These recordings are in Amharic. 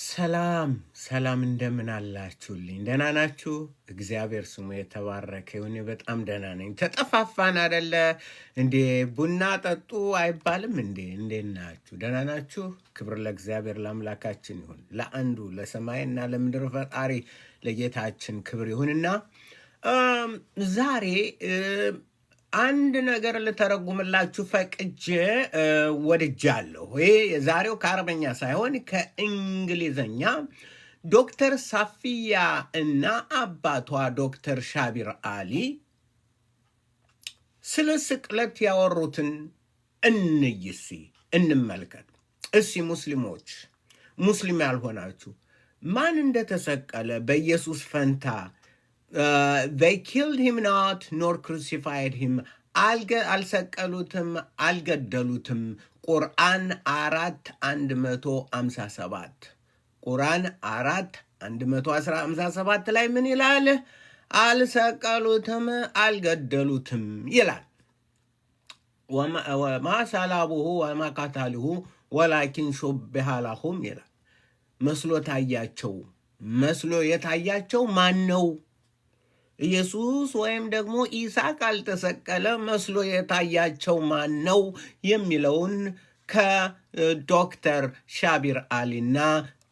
ሰላም ሰላም፣ እንደምን አላችሁልኝ? ደህና ናችሁ? እግዚአብሔር ስሙ የተባረከ ይሁን። በጣም ደህና ነኝ። ተጠፋፋን አደለ እንዴ? ቡና ጠጡ አይባልም እንዴ? እንዴት ናችሁ? ደህና ናችሁ? ክብር ለእግዚአብሔር ለአምላካችን ይሁን፣ ለአንዱ ለሰማይና ለምድር ፈጣሪ ለጌታችን ክብር ይሁንና ዛሬ አንድ ነገር ልተረጉምላችሁ ፈቅጄ ወድጃለሁ። ይሄ የዛሬው ከአረበኛ ሳይሆን ከእንግሊዘኛ ዶክተር ሳፊያ እና አባቷ ዶክተር ሻቢር አሊ ስለ ስቅለት ያወሩትን እንይሲ እንመልከት። እሲ ሙስሊሞች፣ ሙስሊም ያልሆናችሁ ማን እንደተሰቀለ በኢየሱስ ፈንታ Uh, they killed him not nor crucified him አልሰቀሉትም አልገደሉትም። ቁርአን አራት አንድ መቶ አምሳ ሰባት ቁርአን አራት አንድ መቶ አምሳ ሰባት ላይ ምን ይላል? አልሰቀሉትም አልገደሉትም ይላል። ማሰላቡሁ ወማካታልሁ ወላኪን ሹብሃ ለሁም ይላል። መስሎ ታያቸው። መስሎ የታያቸው ማን ነው? ኢየሱስ ወይም ደግሞ ኢሳ ካልተሰቀለ መስሎ የታያቸው ማን ነው የሚለውን ከዶክተር ሻቢር አሊና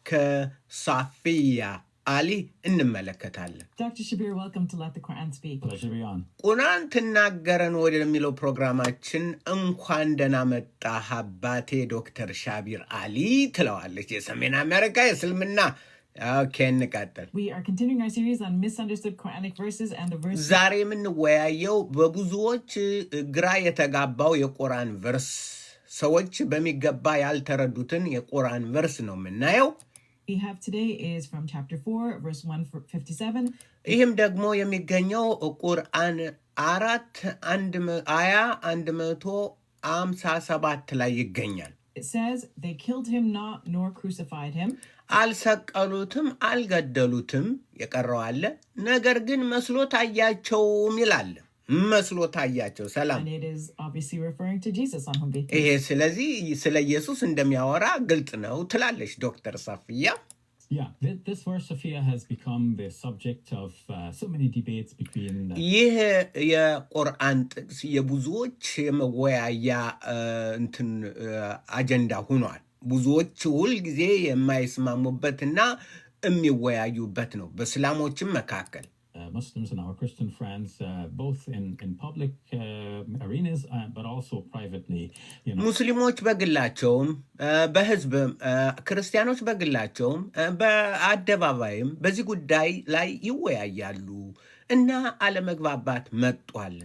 ከሳፊያ አሊ እንመለከታለን። ቁርአን ትናገረን ወደሚለው ፕሮግራማችን እንኳን ደህና መጣህ አባቴ ዶክተር ሻቢር አሊ ትለዋለች የሰሜን አሜሪካ የእስልምና ኦኬ እንቀጥል። ዛሬ የምንወያየው በብዙዎች ግራ የተጋባው የቁርአን ቨርስ፣ ሰዎች በሚገባ ያልተረዱትን የቁርአን ቨርስ ነው የምናየው። ይህም ደግሞ የሚገኘው ቁርአን አራት አያ አንድ መቶ አምሳ ሰባት ላይ ይገኛል። አልሰቀሉትም፣ አልገደሉትም የቀረው አለ። ነገር ግን መስሎ ታያቸውም ይላል። መስሎ ታያቸው ሰላም። ይሄ ስለዚህ ስለ ኢየሱስ እንደሚያወራ ግልጽ ነው ትላለች ዶክተር ሳፍያ። uh, ይህ የቁርአን ጥቅስ የብዙዎች የመወያያ uh, እንትን uh, አጀንዳ ሆኗል። ብዙዎች ሁል ጊዜ የማይስማሙበትና የሚወያዩበት ነው በእስላሞችም መካከል። ሙስሊሞች በግላቸውም uh, በህዝብ uh, ክርስቲያኖች በግላቸውም uh, በአደባባይም በዚህ ጉዳይ ላይ ይወያያሉ እና አለመግባባት መጧል።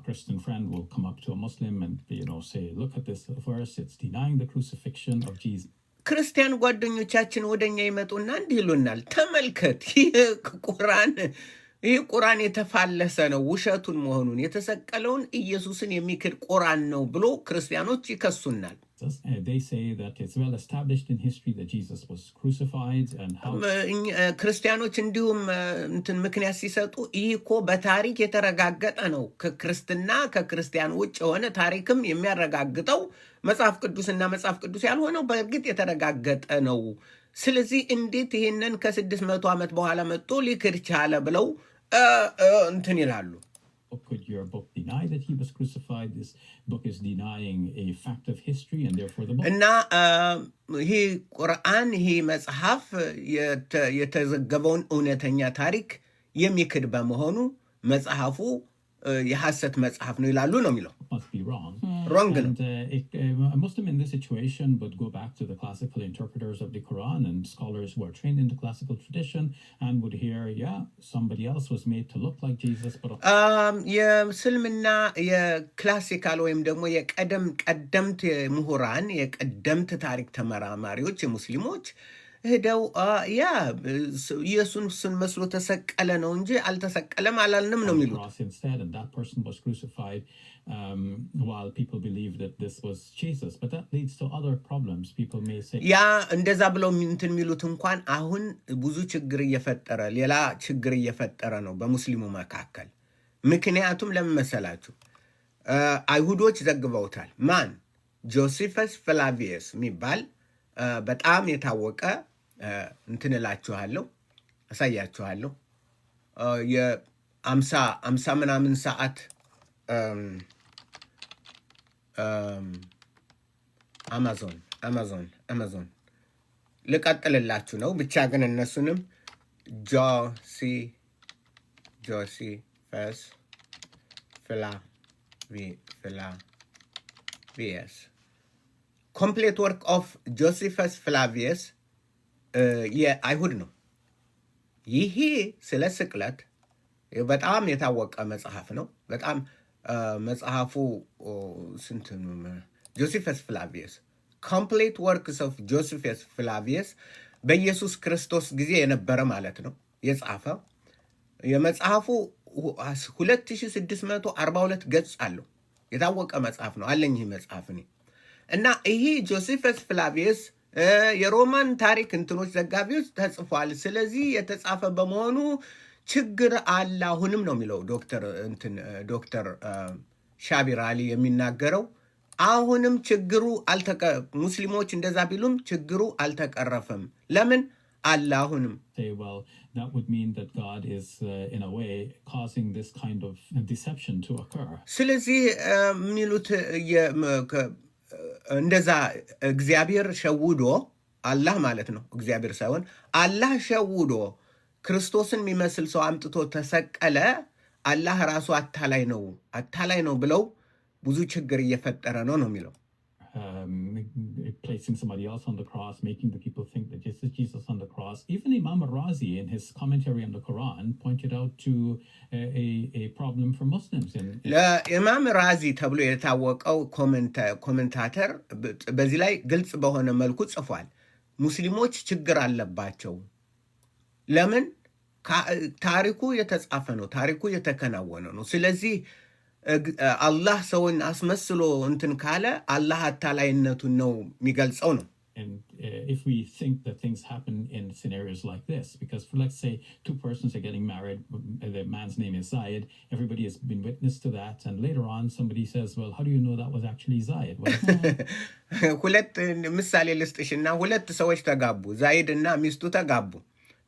a Christian friend will come up to a Muslim and you know say, "Look at this verse. It's denying the crucifixion of Jesus." ክርስቲያን ጓደኞቻችን ወደኛ ይመጡና እንዲህ ይሉናል፣ ተመልከት ይህ ቁርአን ይህ ቁራን የተፋለሰ ነው፣ ውሸቱን መሆኑን የተሰቀለውን ኢየሱስን የሚክድ ቁራን ነው ብሎ ክርስቲያኖች ይከሱናል። ክርስቲያኖች እንዲሁም እንትን ምክንያት ሲሰጡ ይህ እኮ በታሪክ የተረጋገጠ ነው፣ ከክርስትና ከክርስቲያን ውጭ የሆነ ታሪክም የሚያረጋግጠው መጽሐፍ ቅዱስና መጽሐፍ ቅዱስ ያልሆነው በእርግጥ የተረጋገጠ ነው። ስለዚህ እንዴት ይህንን ከስድስት መቶ ዓመት በኋላ መጥቶ ሊክድ ቻለ ብለው እንትን ይላሉ። እና ይሄ ቁርአን ይሄ መጽሐፍ የተዘገበውን እውነተኛ ታሪክ የሚክድ በመሆኑ መጽሐፉ የሐሰት መጽሐፍ ነው ይላሉ ነው የሚለው። ሮንግ hmm. ነው። uh, uh, um, የእስልምና የክላሲካል ወይም ደግሞ የቀደም ቀደምት ምሁራን የቀደምት ታሪክ ተመራማሪዎች የሙስሊሞች ሄደው ያ ኢየሱስን መስሎ ተሰቀለ ነው እንጂ አልተሰቀለም አላልንም ነው የሚሉት። um, ያ እንደዛ ብለው እንትን የሚሉት እንኳን አሁን ብዙ ችግር እየፈጠረ ሌላ ችግር እየፈጠረ ነው በሙስሊሙ መካከል። ምክንያቱም ለምን መሰላችሁ? አይሁዶች ዘግበውታል። ማን ጆሲፈስ ፍላቪየስ የሚባል በጣም የታወቀ እንትን እላችኋለሁ አሳያችኋለሁ። የአምሳ አምሳ ምናምን ሰዓት አማዞን አማዞን አማዞን ልቀጥልላችሁ ነው። ብቻ ግን እነሱንም ጆሲ ጆሲ ፈስ ፍላ ፍላ ቪስ ኮምፕሌት ወርክ ኦፍ ጆሲፈስ ፍላቪየስ የአይሁድ ነው። ይሄ ስለ ስቅለት በጣም የታወቀ መጽሐፍ ነው። በጣም uh, መጽሐፉ ስንት ጆሲፈስ ፍላቪየስ ኮምፕሌት ወርክስ ኦፍ ጆሲፈስ ፍላቪየስ በኢየሱስ ክርስቶስ ጊዜ የነበረ ማለት ነው የጻፈ የመጽሐፉ 2642 ገጽ አለው። የታወቀ መጽሐፍ ነው አለኝ ይህ መጽሐፍ እኔ እና ይሄ ጆሴፈስ ፍላቪየስ የሮማን ታሪክ እንትኖች ዘጋቢዎች ተጽፏል። ስለዚህ የተጻፈ በመሆኑ ችግር አለ አሁንም ነው የሚለው ዶክተር እንትን ዶክተር ሻቢር አሊ የሚናገረው አሁንም ችግሩ አልተቀ ሙስሊሞች እንደዛ ቢሉም ችግሩ አልተቀረፈም። ለምን አለ አሁንም ስለዚህ የሚሉት እንደዛ እግዚአብሔር ሸውዶ አላህ ማለት ነው። እግዚአብሔር ሳይሆን አላህ ሸውዶ ክርስቶስን የሚመስል ሰው አምጥቶ ተሰቀለ። አላህ ራሱ አታላይ ነው፣ አታላይ ነው ብለው ብዙ ችግር እየፈጠረ ነው ነው የሚለው placing somebody else on the cross, making the people think that this is Jesus on the cross. Even Imam Razi, in his commentary on the Quran, pointed out to uh, a, a, problem for Muslims. In, in Imam Razi, tablo yeta wakau commentator, but bezilai gilts bahana malkuts afwal. Muslimoch chiggeral labbacho. Lemon, tariku yetas afano, tariku yetakana wano. Silazi, አላህ ሰውን አስመስሎ እንትን ካለ አላህ አታላይነቱን ነው የሚገልጸው ነው። ሁለት ምሳሌ ልስጥሽና ሁለት ሰዎች ተጋቡ። ዛይድ እና ሚስቱ ተጋቡ።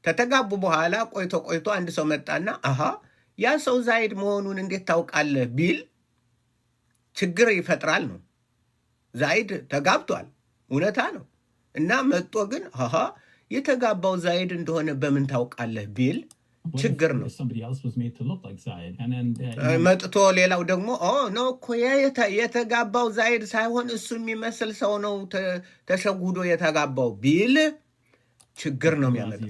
ከተጋቡ በኋላ ቆይቶ ቆይቶ አንድ ሰው መጣና አሃ ያ ሰው ዛይድ መሆኑን እንዴት ታውቃለህ ቢል ችግር ይፈጥራል ነው። ዛይድ ተጋብቷል፣ እውነታ ነው እና መጦ ግን የተጋባው ዛይድ እንደሆነ በምን ታውቃለህ ቢል ችግር ነው። መጥቶ ሌላው ደግሞ ኖ እኮ የተጋባው ዛይድ ሳይሆን እሱ የሚመስል ሰው ነው ተሸጉዶ የተጋባው ቢል ችግር ነው የሚያመጣው።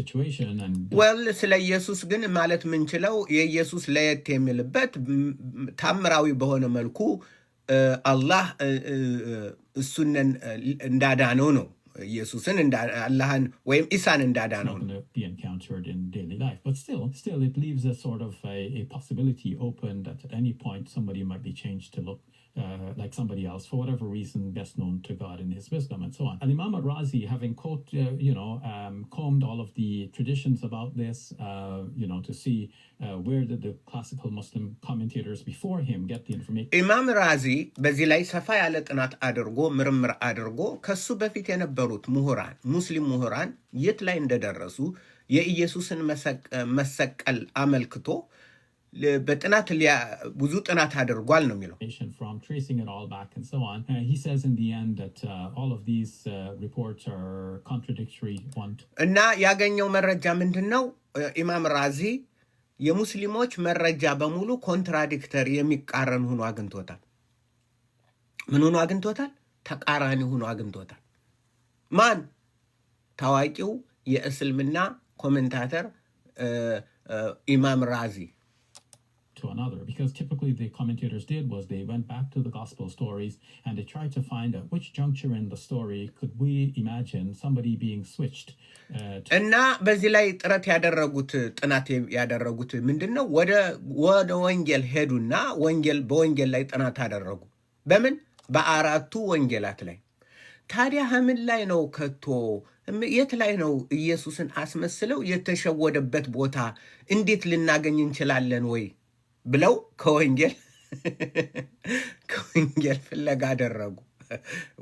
uh, uh, ስለ ኢየሱስ ግን ማለት የምንችለው የኢየሱስ ለየት የሚልበት ታምራዊ በሆነ መልኩ uh, አላህ እሱን እንዳዳነው ነው። ኢየሱስን አላህን ወይም ኢሳን እንዳዳነው ነው። Uh, like somebody else for whatever reason best known to God in his wisdom and so on. And Imam al-Razi, having caught, uh, you know, um, combed all of the traditions about this, uh, you know, to see uh, where did the classical Muslim commentators before him get the information. Imam Razi, በዚህ ላይ ሰፋ ያለ ጥናት አድርጎ ምርምር አድርጎ ከሱ በፊት የነበሩት ምሁራን ሙስሊም ምሁራን የት ላይ እንደደረሱ የኢየሱስን መሰቀል አመልክቶ በጥናት ብዙ ጥናት አድርጓል ነው የሚለው። uh, uh, uh, እና ያገኘው መረጃ ምንድን ነው? ኢማም ራዚ የሙስሊሞች መረጃ በሙሉ ኮንትራዲክተር የሚቃረን ሆኖ አግኝቶታል። ምን ሆኖ አግኝቶታል? ተቃራኒ ሆኖ አግኝቶታል። ማን? ታዋቂው የእስልምና ኮመንታተር ኢማም ራዚ to another because typically the commentators did was they went back to the gospel stories and they tried to find at which juncture in the story could we imagine somebody being switched እና በዚህ ላይ ጥረት ያደረጉት ጥናት ያደረጉት ምንድን ነው? ወደ ወንጌል ሄዱና ወንጌል በወንጌል ላይ ጥናት አደረጉ። በምን በአራቱ ወንጌላት ላይ ታዲያ ምን ላይ ነው ከቶ የት ላይ ነው ኢየሱስን አስመስለው የተሸወደበት ቦታ እንዴት ልናገኝ እንችላለን ወይ ብለው ከወንጌል ከወንጌል ፍለጋ አደረጉ።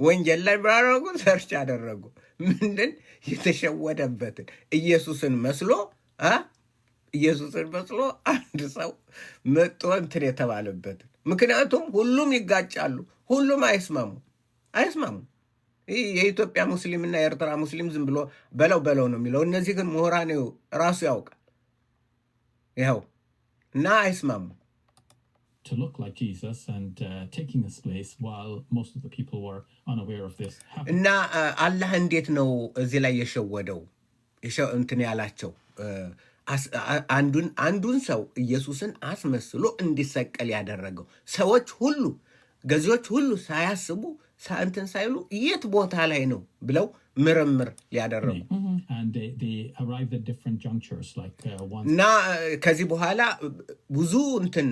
ወንጌል ላይ ባደረጉ ሰርች አደረጉ። ምንድን የተሸወደበትን ኢየሱስን መስሎ ኢየሱስን መስሎ አንድ ሰው መጥቶ እንትን የተባለበትን ምክንያቱም ሁሉም ይጋጫሉ፣ ሁሉም አይስማሙ አይስማሙ ይህ የኢትዮጵያ ሙስሊምና የኤርትራ ሙስሊም ዝም ብሎ በለው በለው ነው የሚለው። እነዚህ ግን ምሁራን ራሱ ያውቃል ይኸው እና አይስማሙ uh, እና uh, አላህ እንዴት ነው እዚህ ላይ የሸወደው እንትን ያላቸው አንዱን ሰው ኢየሱስን አስመስሎ እንዲሰቀል ያደረገው ሰዎች ሁሉ ገዢዎች ሁሉ ሳያስቡ እንትን ሳይሉ የት ቦታ ላይ ነው ብለው ምርምር ሊያደረጉ mm-hmm. uh, እና uh, ከዚህ በኋላ ብዙ እንትን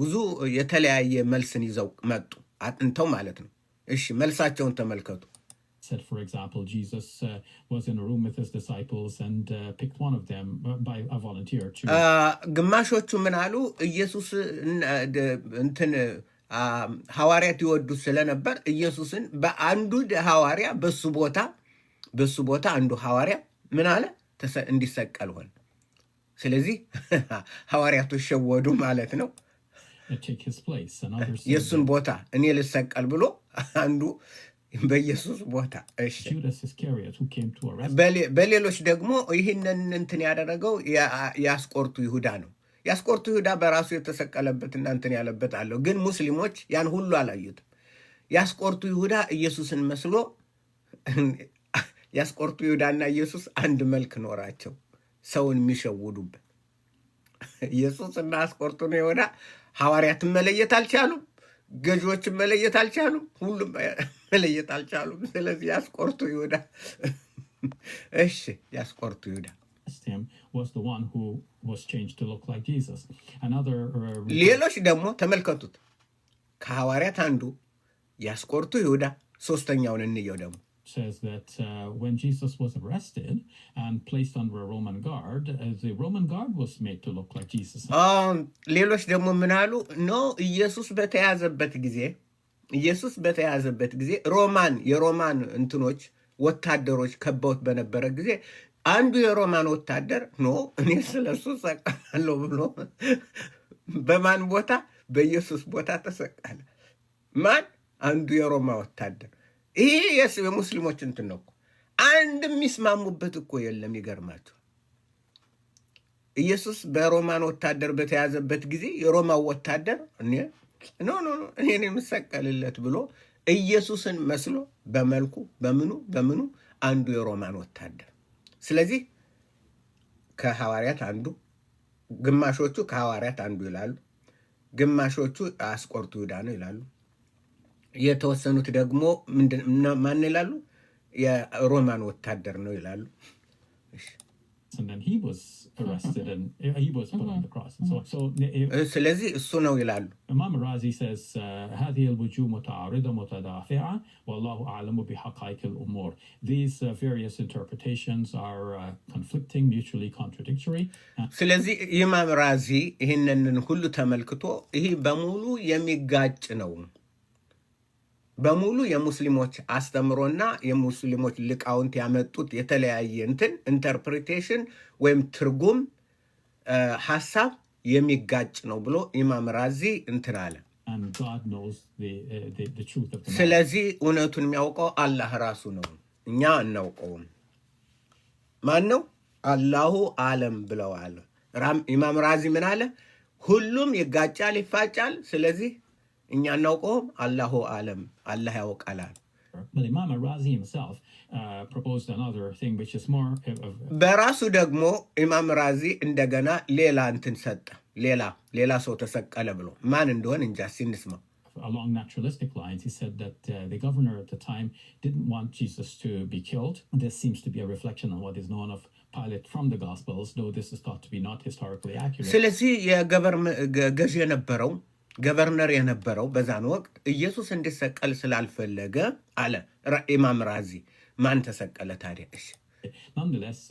ብዙ የተለያየ መልስን ይዘው መጡ። አጥንተው ማለት ነው። እሺ መልሳቸውን ተመልከቱ። uh, ግማሾቹ ምን አሉ? ኢየሱስ እንትን ሐዋርያት ይወዱት ስለነበር ኢየሱስን በአንዱ ሐዋርያ በሱ ቦታ በሱ ቦታ አንዱ ሐዋርያ ምን አለ እንዲሰቀል ሆነ። ስለዚህ ሐዋርያቶች ሸወዱ ማለት ነው። የእሱን ቦታ እኔ ልሰቀል ብሎ አንዱ በኢየሱስ ቦታ። በሌሎች ደግሞ ይህንን እንትን ያደረገው የአስቆርቱ ይሁዳ ነው። ያስቆርቱ ይሁዳ በራሱ የተሰቀለበት እናንትን ያለበት አለው። ግን ሙስሊሞች ያን ሁሉ አላዩትም። የአስቆርቱ ይሁዳ ኢየሱስን መስሎ የአስቆርቱ ይሁዳና ኢየሱስ አንድ መልክ ኖራቸው ሰውን የሚሸውዱበት ኢየሱስ እና አስቆርቱ ይሁዳ ሐዋርያትን መለየት አልቻሉም። ገዢዎችን መለየት አልቻሉም። ሁሉም መለየት አልቻሉም። ስለዚህ ያስቆርቱ ይሁዳ እሺ፣ ያስቆርቱ ይሁዳ him was the one who was changed to look like Jesus. Another ሌሎች uh, says that uh, when Jesus was arrested and placed under a Roman guard, uh, the Roman guard was made to look like Jesus. ሌሎች ደግሞ ምን አሉ? ኖ ኢየሱስ በተያዘበት ጊዜ ኢየሱስ በተያዘበት ጊዜ ሮማን የሮማን እንትኖች ወታደሮች ከበውት በነበረ ጊዜ አንዱ የሮማን ወታደር ኖ እኔ ስለሱ ሰቃለሁ ብሎ በማን ቦታ? በኢየሱስ ቦታ ተሰቃለ። ማን? አንዱ የሮማ ወታደር። ይሄ የሙስሊሞች እንትን ነው እኮ አንድ የሚስማሙበት እኮ የለም። ይገርማቸው። ኢየሱስ በሮማን ወታደር በተያዘበት ጊዜ የሮማው ወታደር እኔ ኖ ኖ እኔን የምሰቀልለት ብሎ ኢየሱስን መስሎ በመልኩ በምኑ በምኑ አንዱ የሮማን ወታደር ስለዚህ ከሐዋርያት አንዱ ግማሾቹ ከሐዋርያት አንዱ ይላሉ፣ ግማሾቹ አስቆርቱ ይሁዳ ነው ይላሉ። የተወሰኑት ደግሞ ማን ይላሉ? የሮማን ወታደር ነው ይላሉ። and then he was arrested and he was put mm-hmm. on the cross and so on. So ስለዚህ እሱ ነው ይላሉ። Imam Razi says هذه الوجوه متعارضة متدافعة والله أعلم بحقائق الأمور. These uh, various interpretations are uh, conflicting, mutually contradictory. ስለዚህ ኢማም ራዚ ይህንን ሁሉ ተመልክቶ ይህ በሙሉ የሚጋጭ ነው በሙሉ የሙስሊሞች አስተምሮና የሙስሊሞች ሊቃውንት ያመጡት የተለያየ እንትን ኢንተርፕሪቴሽን ወይም ትርጉም ሀሳብ የሚጋጭ ነው ብሎ ኢማም ራዚ እንትን አለ። uh, ስለዚህ እውነቱን የሚያውቀው አላህ ራሱ ነው፣ እኛ አናውቀውም። ማን ነው? አላሁ አለም ብለዋል። ኢማም ራዚ ምን አለ? ሁሉም ይጋጫል፣ ይፋጫል። ስለዚህ እኛ እናውቀውም፣ አላሁ አለም አላህ ያውቃላል። በራሱ ደግሞ ኢማም ራዚ እንደገና ሌላ እንትን ሰጠ። ሌላ ሌላ ሰው ተሰቀለ ብሎ ማን እንደሆን እንጃ ሲንስማ along naturalistic lines, he said that uh, the governor at the time didn't want Jesus to be killed. This seems to be a reflection on what is known of Pilate from the Gospels, though this is thought to be not historically accurate. ስለዚህ የገበር ገዥ የነበረው ገቨርነር የነበረው በዛን ወቅት ኢየሱስ እንዲሰቀል ስላልፈለገ አለ ኢማም ራዚ። ማን ተሰቀለ ታዲያ? እሺ እሺ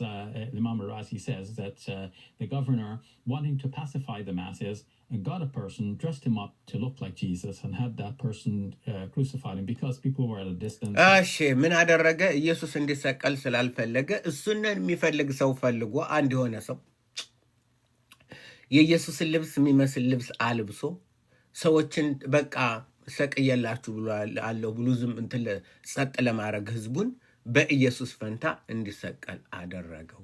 ምን አደረገ? ኢየሱስ እንዲሰቀል ስላልፈለገ እሱን የሚፈልግ ሰው ፈልጎ አንድ የሆነ ሰው የኢየሱስን ልብስ የሚመስል ልብስ አልብሶ ሰዎችን በቃ ሰቅየላችሁ ብሏል አለው ብሎ ዝም እንትን ጸጥ ለማድረግ ህዝቡን በኢየሱስ ፈንታ እንዲሰቀል አደረገው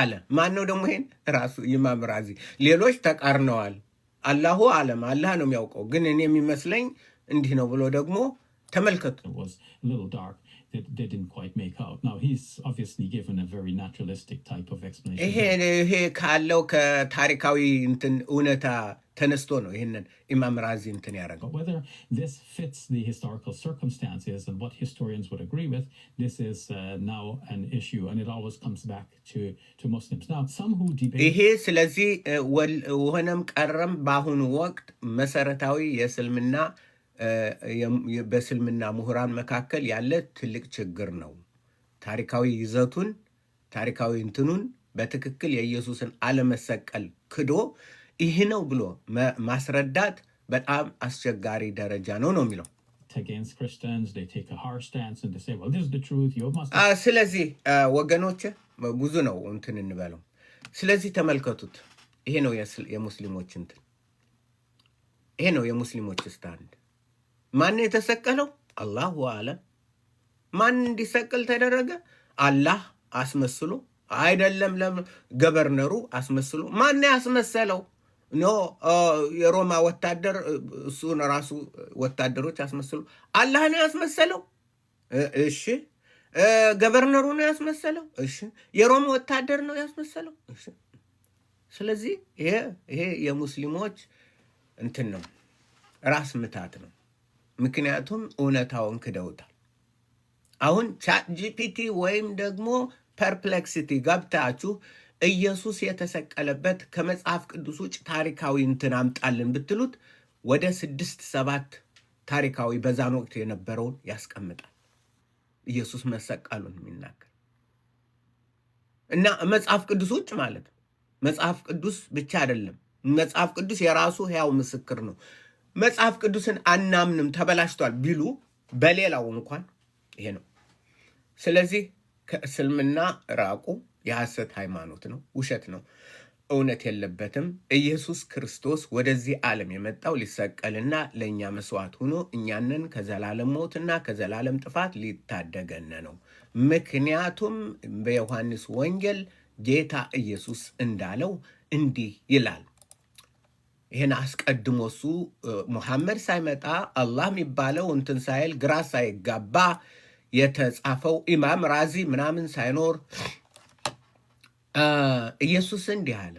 አለ። ማን ነው ደግሞ ይሄን? ራሱ ኢማም ራዚ። ሌሎች ተቃርነዋል። አላሁ አለም፣ አላህ ነው የሚያውቀው። ግን እኔ የሚመስለኝ እንዲህ ነው ብሎ ደግሞ ተመልከቱ they, they didn't quite make out. Now, he's obviously given a very naturalistic type of explanation. Eh, eh, eh, but Whether this fits the historical circumstances and what historians would agree with, this is uh, now an issue and it always comes back to, to Muslims. Now, some who debate... በእስልምና ምሁራን መካከል ያለ ትልቅ ችግር ነው። ታሪካዊ ይዘቱን ታሪካዊ እንትኑን በትክክል የኢየሱስን አለመሰቀል ክዶ ይህ ነው ብሎ ማስረዳት በጣም አስቸጋሪ ደረጃ ነው ነው የሚለው። ስለዚህ ወገኖች ብዙ ነው እንትን እንበለው። ስለዚህ ተመልከቱት፣ ይሄ ነው የሙስሊሞች እንትን፣ ይሄ ነው የሙስሊሞች ስታንድ ማን የተሰቀለው? አላሁ አለም። ማን እንዲሰቀል ተደረገ? አላህ አስመስሎ አይደለም፣ ገበርነሩ አስመስሎ። ማን ያስመሰለው? ኖ የሮማ ወታደር እሱን ራሱ ወታደሮች አስመስሎ። አላህ ነው ያስመሰለው። እሺ ገበርነሩ ነው ያስመሰለው። እሺ የሮማ ወታደር ነው ያስመሰለው። እሺ ስለዚህ ይሄ ይሄ የሙስሊሞች እንትን ነው፣ ራስ ምታት ነው። ምክንያቱም እውነታውን ክደውታል። አሁን ቻት ጂፒቲ ወይም ደግሞ ፐርፕሌክሲቲ ገብታችሁ ኢየሱስ የተሰቀለበት ከመጽሐፍ ቅዱስ ውጭ ታሪካዊ እንትን አምጣልን ብትሉት ወደ ስድስት ሰባት ታሪካዊ በዛን ወቅት የነበረውን ያስቀምጣል። ኢየሱስ መሰቀሉን የሚናገር እና መጽሐፍ ቅዱስ ውጭ ማለት ነው። መጽሐፍ ቅዱስ ብቻ አይደለም። መጽሐፍ ቅዱስ የራሱ ሕያው ምስክር ነው። መጽሐፍ ቅዱስን አናምንም ተበላሽቷል ቢሉ በሌላው እንኳን ይሄ ነው። ስለዚህ ከእስልምና ራቁ። የሐሰት ሃይማኖት ነው፣ ውሸት ነው፣ እውነት የለበትም። ኢየሱስ ክርስቶስ ወደዚህ ዓለም የመጣው ሊሰቀልና ለእኛ መስዋዕት ሆኖ እኛንን ከዘላለም ሞትና ከዘላለም ጥፋት ሊታደገን ነው። ምክንያቱም በዮሐንስ ወንጌል ጌታ ኢየሱስ እንዳለው እንዲህ ይላል ይህን አስቀድሞ እሱ ሙሐመድ ሳይመጣ አላህ የሚባለው እንትን ሳይል ግራ ሳይጋባ የተጻፈው ኢማም ራዚ ምናምን ሳይኖር ኢየሱስ እንዲህ አለ።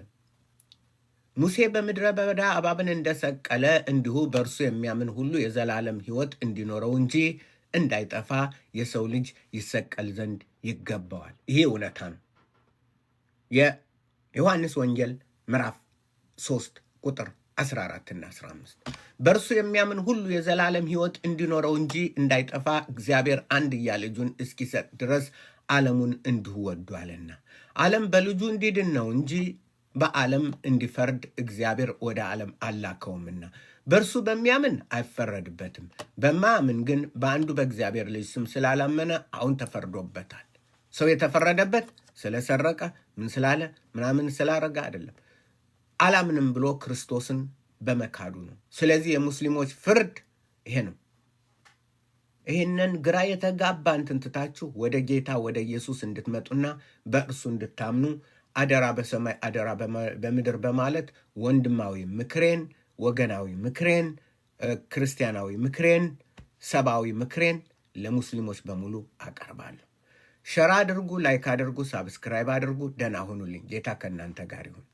ሙሴ በምድረ በበዳ እባብን እንደሰቀለ እንዲሁ በእርሱ የሚያምን ሁሉ የዘላለም ሕይወት እንዲኖረው እንጂ እንዳይጠፋ የሰው ልጅ ይሰቀል ዘንድ ይገባዋል። ይሄ እውነታ ነው። የዮሐንስ ወንጌል ምዕራፍ ሶስት ቁጥር 14 እና 15 በእርሱ የሚያምን ሁሉ የዘላለም ሕይወት እንዲኖረው እንጂ እንዳይጠፋ እግዚአብሔር አንድያ ልጁን እስኪሰጥ ድረስ ዓለሙን እንዲሁ ወዷልና። ዓለም በልጁ እንዲድን ነው እንጂ በዓለም እንዲፈርድ እግዚአብሔር ወደ ዓለም አላከውምና። በእርሱ በሚያምን አይፈረድበትም። በማያምን ግን በአንዱ በእግዚአብሔር ልጅ ስም ስላላመነ አሁን ተፈርዶበታል። ሰው የተፈረደበት ስለሰረቀ ምን ስላለ ምናምን ስላረገ አይደለም። አላምንም ብሎ ክርስቶስን በመካዱ ነው። ስለዚህ የሙስሊሞች ፍርድ ይሄ ነው። ይህንን ግራ የተጋባ እንትን ትታችሁ ወደ ጌታ ወደ ኢየሱስ እንድትመጡና በእርሱ እንድታምኑ አደራ በሰማይ አደራ በምድር በማለት ወንድማዊ ምክሬን፣ ወገናዊ ምክሬን፣ ክርስቲያናዊ ምክሬን፣ ሰብአዊ ምክሬን ለሙስሊሞች በሙሉ አቀርባለሁ። ሸራ አድርጉ፣ ላይክ አድርጉ፣ ሳብስክራይብ አድርጉ። ደህና ሁኑልኝ። ጌታ ከእናንተ ጋር ይሁን።